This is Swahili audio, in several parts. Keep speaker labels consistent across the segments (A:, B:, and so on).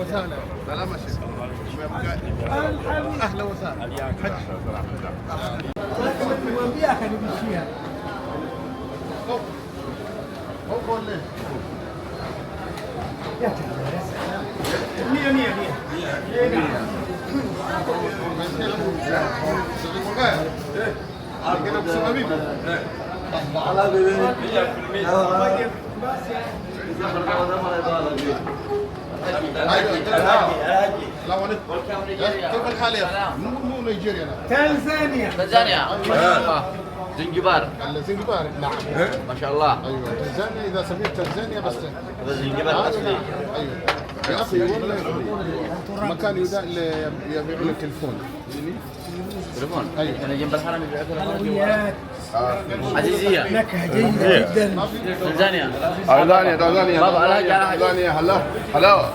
A: وسهلا سلام الشيخ اهلا وسهلا وامبياك اللي بيشيها هو ولا يا مية مية مية
B: مية على بالي 100% السلام عليكم كيف الحال يا مو مو نيجيريا
C: تنزانيا تنزانيا
D: زنجبار زنجبار نعم ما شاء الله
B: ايوه تنزانيا اذا سميت تنزانيا بس
D: زنجبار ايوه
B: مكان يدان يبيعوا لك الفون تليفون ايوه انا جنب
D: الحرم يبيعوا عزيزيه نكهة جيده جدا تنزانيا
B: آه، تنزانيا تنزانيا تنزانيا هلا هلا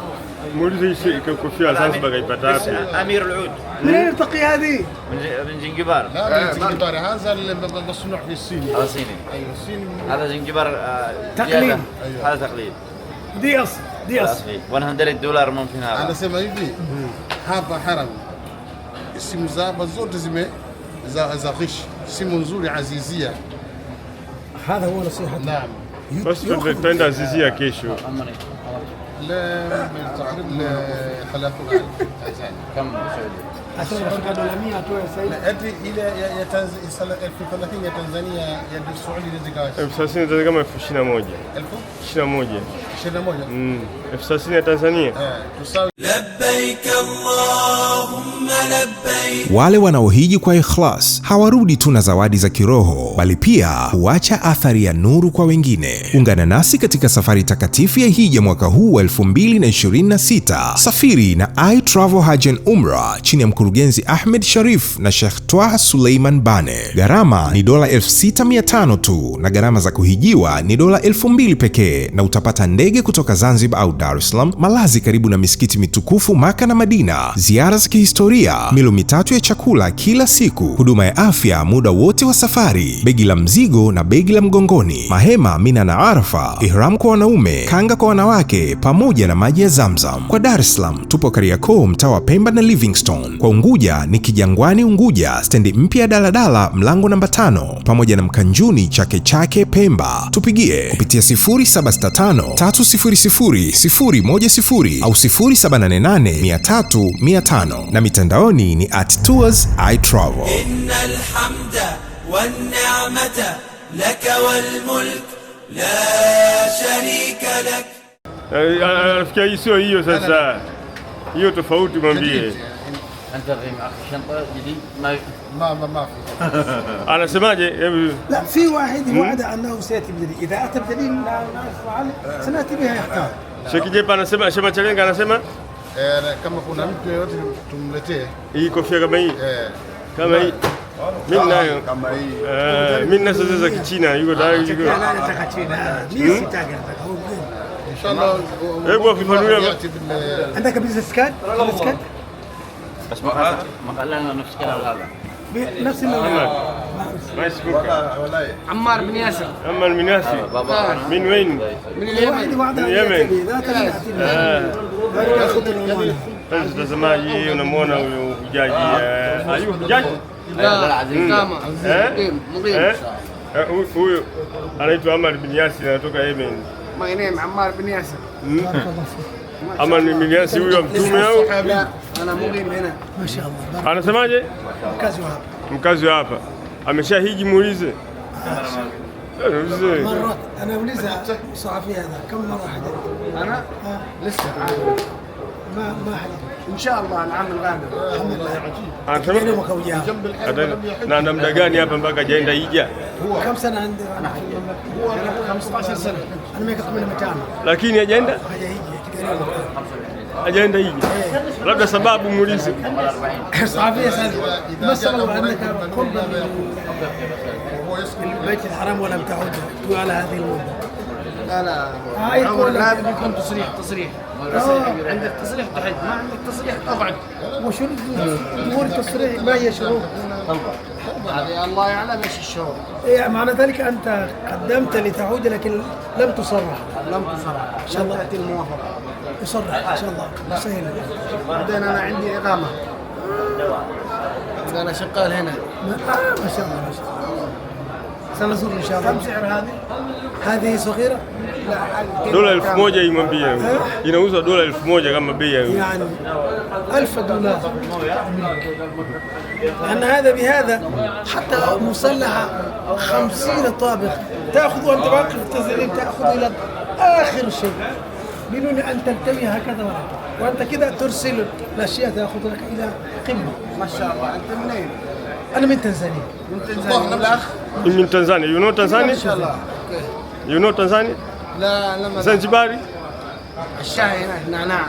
B: مرزي شيء كوكو فيها اساس بغي بتاعتي
D: امير العود
C: من يلتقي هذه؟
D: من زنجبار
B: لا من زنجبار هذا المصنوع في الصين
D: هذا صيني ايوه الصيني هذا زنجبار آه، تقليد هذا تقليد
C: دي اصل دياس
D: 100 دولار ممكن هذا
B: anasema hivi mm. hapa haram simu zaba zote zime za za ghish simu nzuri azizia
C: هذا هو نصيحة
B: نعم بس تريد عزيزية كيشو لا من تعرض لحلاف
D: كم سعودي elfu
B: thelathini kama elfu ishirini na moja ishirini na moja mm. elfu thelathini ya Tanzania. Eh,
E: Wale wanaohiji kwa ikhlas hawarudi tu na zawadi za kiroho, bali pia huacha athari ya nuru kwa wengine. Ungana nasi katika safari takatifu ya hija mwaka huu wa 2026. Safiri na I Travel Hajj and chini ya mkurugenzi Ahmed Sharif na Sheikh Twa Suleiman Bane. Gharama ni dola 6500 tu na gharama za kuhijiwa ni dola 2000 pekee, na utapata ndege kutoka Zanzibar au Dar es Salaam, malazi karibu na misikiti mitukufu Maka na Madina, ziara za kihistoria, milo mitatu ya chakula kila siku, huduma ya afya muda wote wa safari, begi la mzigo na begi la mgongoni, mahema Mina na Arafa, ihram kwa wanaume, kanga kwa wanawake, pamoja na maji ya Zamzam. Kwa Dar es Salaam tupo Kariakoo, mtaa wa Pemba na Livingstone. Kwa Unguja ni Kijangwani Unguja, stendi mpya ya daladala mlango namba tano, pamoja na Mkanjuni Chake Chake Pemba. Tupigie kupitia 0765 au 0788 na mitandaoni ni at tours i travel. Innal hamda wan ni'mata laka
B: wal mulk la sharika lak. Nafikia eh, eh, eh, sio hiyo sasa, hiyo tofauti mwambie
D: شنطه جديد
B: ما ما ما, في انا سماجي
C: لا في واحد وعد انه سياتي بدليل اذا اتى بدليل لا لا سناتي بها يختار
B: شكي جيب انا سمع شبه تشالنج انا سمع كما كنا تملتيه يكون إيه، في كما هي إيه. كما آه، يقول لا آه، يقول لا sasa za kichina
C: yuko da yuko
B: hebu afafanulia
C: anda kabisa skat skat
D: بس ما هذا قال لنا نفس الكلام هذا نفس النوع ما اسمك؟ عمار بن ياسر
B: عمار بن ياسر من وين؟
C: من اليمن من
B: اليمن اه زماجي ونمونه وجاجي ايوه دجاج
D: لا العظيم
B: مقيم مقيم huyu anaitwa Amar bin Yasir anatoka Yemen.
C: My name Ammar bin Yasir.
B: Ammar bin Yasir huyo mtume au?
C: أنا مقيم هنا ما شاء
B: الله أنا سماجة مكازو هابا أنا هابا أما شاه هيجي موليزة
C: آه، مرات أنا موليزة صحفي هذا كم مرة حدث أنا آه. لسه ما ما حد ان شاء الله العام القادم الحمد لله
B: عجيب انا كم سنه جنب الحلم انا نم دقان يا بن بقى جاي ندي
C: هو كم سنه عندي انا هو 15 سنه انا ما يقطع من مكانه
B: لكن يا جند ajenda hii, labda sababu muulize.
C: safi sana masala wa annaka qurba البيت الحرام ولم تعود على هذه المدة
D: لا لا لازم يكون تصريح تصريح
C: عندك تصريح لا ما عندك تصريح اقعد وشو لا لا ما هي شروط؟
D: هذه الله يعلم ايش الشروط
C: إيه معنى ذلك انت قدمت لتعود لكن لم تصرح لم تصرح لا لا لا لا الموافقه يصرح ان شاء الله سهل بعدين انا عندي اقامه انا شغال هنا ما شاء الله ما شاء الله سنة إن شاء الله كم سعر هذه؟ هذه صغيرة؟
B: لا دولار ألف موجة يمن بيا ينوزها دولار ألف موجة كما بيا
C: يعني 1000 دولار لأن هذا بهذا حتى مسلحة 50 طابق تأخذ أنت واقف تأخذ إلى آخر شيء من ان تنتمي هكذا وراء وانت كده ترسل الاشياء تاخذ لك الى قمه ما شاء الله انت منين؟ انا من تنزانيا
B: من تنزانيا من تنزانيا يو نو تنزانيا؟ ما شاء الله يو نو تنزانيا؟
C: لا لما زنجباري الشاي نعناع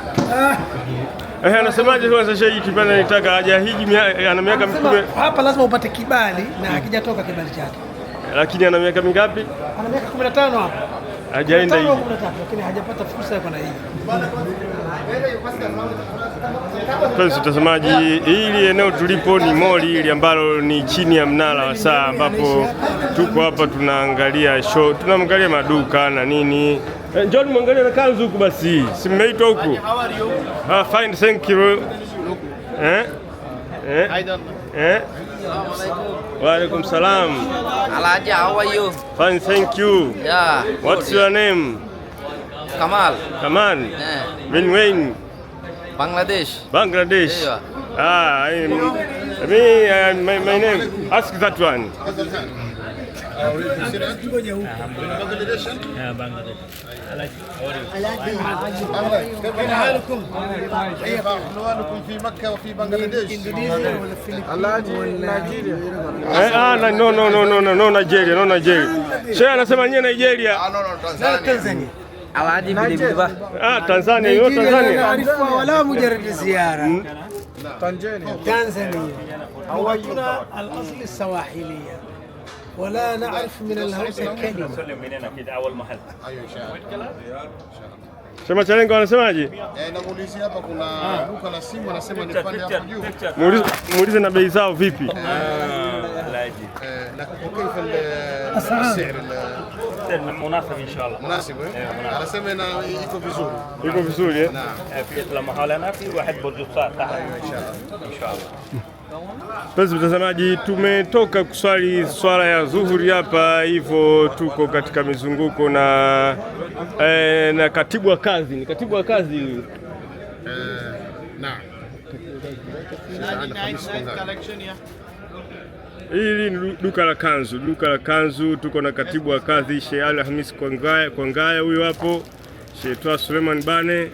B: Eh, anasemaje sasa shehi kipande anataka hajahiji ana miaka mtume.
C: Hapa lazima upate kibali na hakijatoka kibali chake.
B: Lakini ana miaka mingapi?
C: Ana miaka 15 hapa hajaenda hivi, lakini hajapata fursa ya kwenda hivi.
B: Mpenzi mtazamaji, hili eneo tulipo ni moli hili ambalo ni chini ya mnara wa saa, ambapo tuko hapa tunaangalia show, tunaangalia maduka na nini. Eh, njoni mwangalie na kanzu huku, basi si mmeitwa huku? Ah, fine, thank you. Eh? Eh? Eh? Walaikum salam.
D: Alaja, how are you? Fine,
B: thank you.
D: Yeah. What's
B: your name? Kamal. Kamal. Yeah. When
D: Bangladesh.
B: Bangladesh. Yeah. Ah, I'm, me, uh, my, my name. Ask that one. No, no, no, no, no, no, Nigeria, no Nigeria. Sheikh anasema nyewe Nigeria. Ah, no, Tanzania. Ah, Tanzania,
C: Wala mujarrad ziyara. Tanzania. Tanzania. Hawajuna al-asl sawahiliya ولا نعرف من الهوسة كلمة
B: Sema Chalengo anasemaje? Eh, namuulizia hapa kuna ah. duka la simu anasema ni pale hapo juu. Muulize muulize na bei zao vipi? لكن كيف السعر
D: المناسب ان شاء الله
B: مناسب anasema ina iko vizuri. Iko vizuri eh?
D: Naam. Fi eh, kila mahala na fi واحد برج تحت ان شاء
B: Mpenzi mtazamaji, tumetoka kuswali swala ya zuhuri hapa, hivyo tuko katika mizunguko na e, na katibu wa kazi. Ni katibu wa kazi huyu eh, Hili ni duka la kanzu, duka la kanzu. Tuko na katibu wa kazi Sheikh Ali Hamis Kwangaya, huyu hapo Sheikh Twa Suleiman Bane.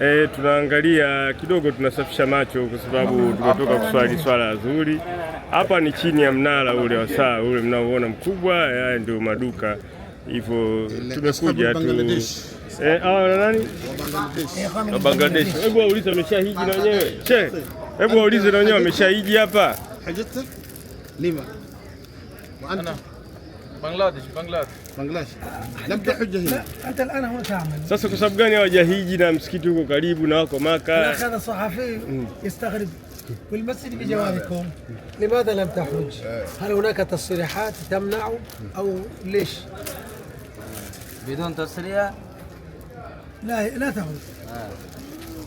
B: E, tunaangalia kidogo, tunasafisha macho kwa sababu tumetoka kuswali swala ya Hapa ni chini ya mnara ule wa saa ule mnaoona mkubwa, haya ndio maduka hivyo tumekuja tu eh, nani wa Bangladesh. Hebu waulize hiji na wenyewe che, hebu waulize na wenyewe hiji hapa
F: Bangladesh Bangladesh
C: Bangladesh, labda huja hili hata alana huwa taamel. Sasa kwa sababu gani hawaja hiji na msikiti huko karibu na wako Maka? kana sahafi mm. yastaghrib bi jawabikum. Limadha lam tahuj? Hal hunaka tasrihat tamna'u au lish?
D: Bidun tasriha?
C: La, la tahuj.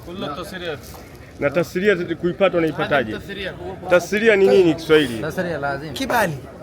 F: كل tasrihat.
B: na tasria kuipata unaipataje? Tasria ni nini Kiswahili?
D: Tasria lazima
C: kibali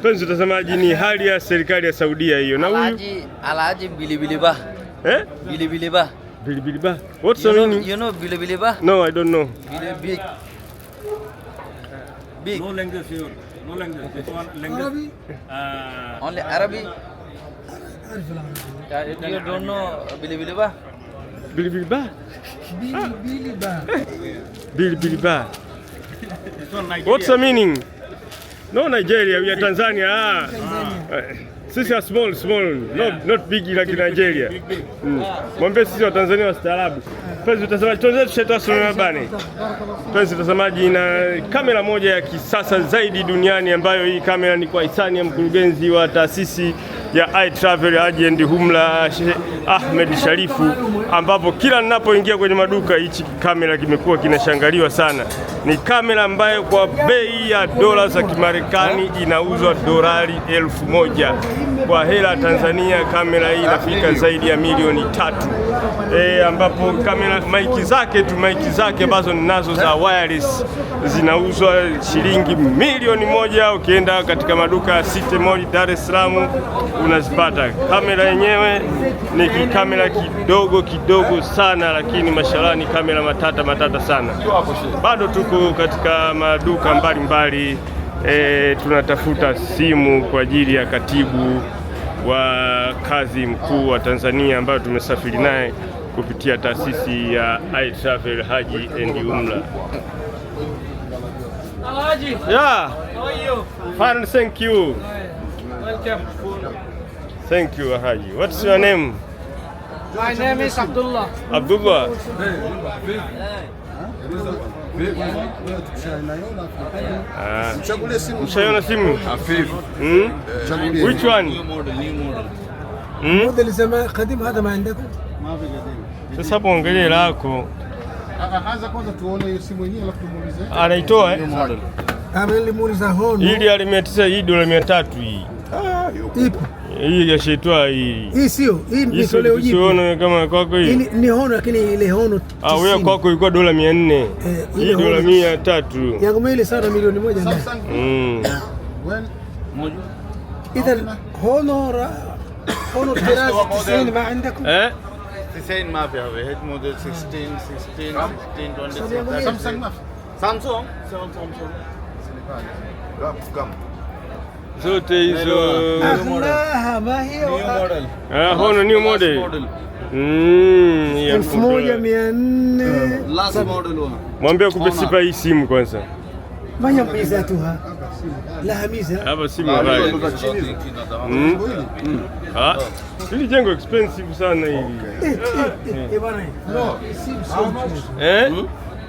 B: Mpenzi utazamaji, ni hali ya serikali ya Saudia hiyo, na huyu
D: alaji bilibili ba eh, bilibili ba
B: bilibili ba, what's the meaning? You
D: know bilibili ba?
B: No, I don't know. Bilibili
F: big. No language here. No language. This one language. Uh,
D: Only Arabic. Uh, you don't know bilibili ba?
B: Bilibili ba?
C: Bilibili ba.
B: Bilibili ba. What's the meaning? No Nigeria, we are Tanzania. Ah. Ah. Sisi are small small, not, not big like Nigeria. Mm. Mwambie sisi wa Tanzania wastaarabu. Penzi mtazamaji, bane. Penzi mtazamaji, na kamera moja ya kisasa zaidi duniani ambayo hii kamera ni kwa hisani ya mkurugenzi wa taasisi ya I Travel Agent humla Ahmed Sharifu, ambapo kila ninapoingia kwenye maduka hichi kamera kimekuwa kinashangaliwa sana. Ni kamera ambayo kwa bei ya dola za Kimarekani inauzwa dolari elfu moja kwa hela Tanzania kamera hii inafika zaidi ya milioni tatu. E, ambapo kamera maiki zake tu maiki zake ambazo ninazo za wireless zinauzwa shilingi milioni moja ukienda katika maduka ya City Mall Dar es Salaam unazipata. Kamera yenyewe ni kikamera kidogo kidogo sana, lakini mashallah ni kamera matata matata sana. Bado tuko katika maduka mbalimbali mbali, e, tunatafuta simu kwa ajili ya katibu wa kazi mkuu wa Tanzania ambayo tumesafiri naye kupitia taasisi ya I Travel Haji and Umra. Yeah. Fine, thank you. Welcome. Thank you, Haji. What's your name?
F: My name is Abdullah.
B: Abdullah. Ah. Mshaiona simu? Hmm? Which one? Hmm? Sasa hapo angalia lako. Anaitoa eh? Ili ali mia tisa, hii dola mia tatu hii Ah, hii ya yashaitwa hii
C: hii sio hii
B: ni toleo sione kama kwako hii ni
C: hono, lakini ile hono
B: Ah, wewe kwako ilikuwa dola mia nne eh, hii dola mia tatu
C: yangu ile sana milioni moja mm. Ita hono ra hono tisini ma indakum
B: eh
F: tisini ma fi hawe head model 16 16 16 20 Samsung Samsung Samsung
B: Samsung zote hizo hona new model
C: elfu moja mia nne
B: mwambie akupe sipa hii simu kwanza hapa simu mm. ah, hili jengo expensive sana hili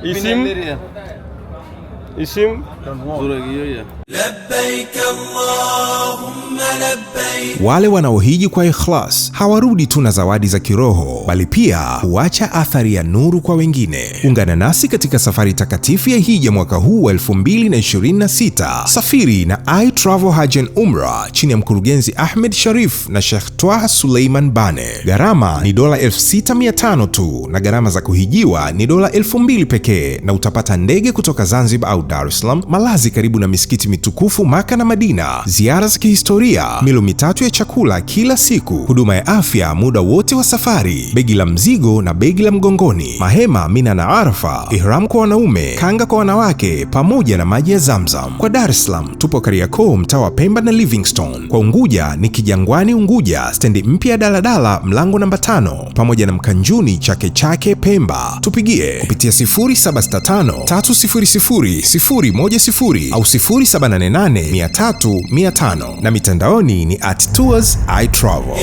B: isimu isimu
E: wale wanaohiji kwa ikhlas hawarudi tu na zawadi za kiroho, bali pia huacha athari ya nuru kwa wengine. Ungana nasi katika safari takatifu ya hija mwaka huu wa 226 Safiri na I hajen Umra chini ya mkurugenzi Ahmed Sharif na shekh twa Suleiman Bane. Gharama ni dola 65 tu, na gharama za kuhijiwa ni dola 20 pekee, na utapata ndege kutoka Zanzibar au Dar es Salaam, malazi karibu na misikiti tukufu Maka na Madina, ziara za kihistoria, milo mitatu ya chakula kila siku, huduma ya afya muda wote wa safari, begi la mzigo na begi la mgongoni, mahema Mina na Arafa, ihram kwa wanaume, kanga kwa wanawake, pamoja na maji ya Zamzam. Kwa Dar es Salaam tupo Kariakoo, mtaa wa Pemba na Livingstone. Kwa Unguja ni Kijangwani Unguja, stendi mpya ya daladala, mlango namba tano, pamoja na Mkanjuni Chake Chake Pemba. Tupigie kupitia 0765 au 7 na mitandaoni ni at tours i travel.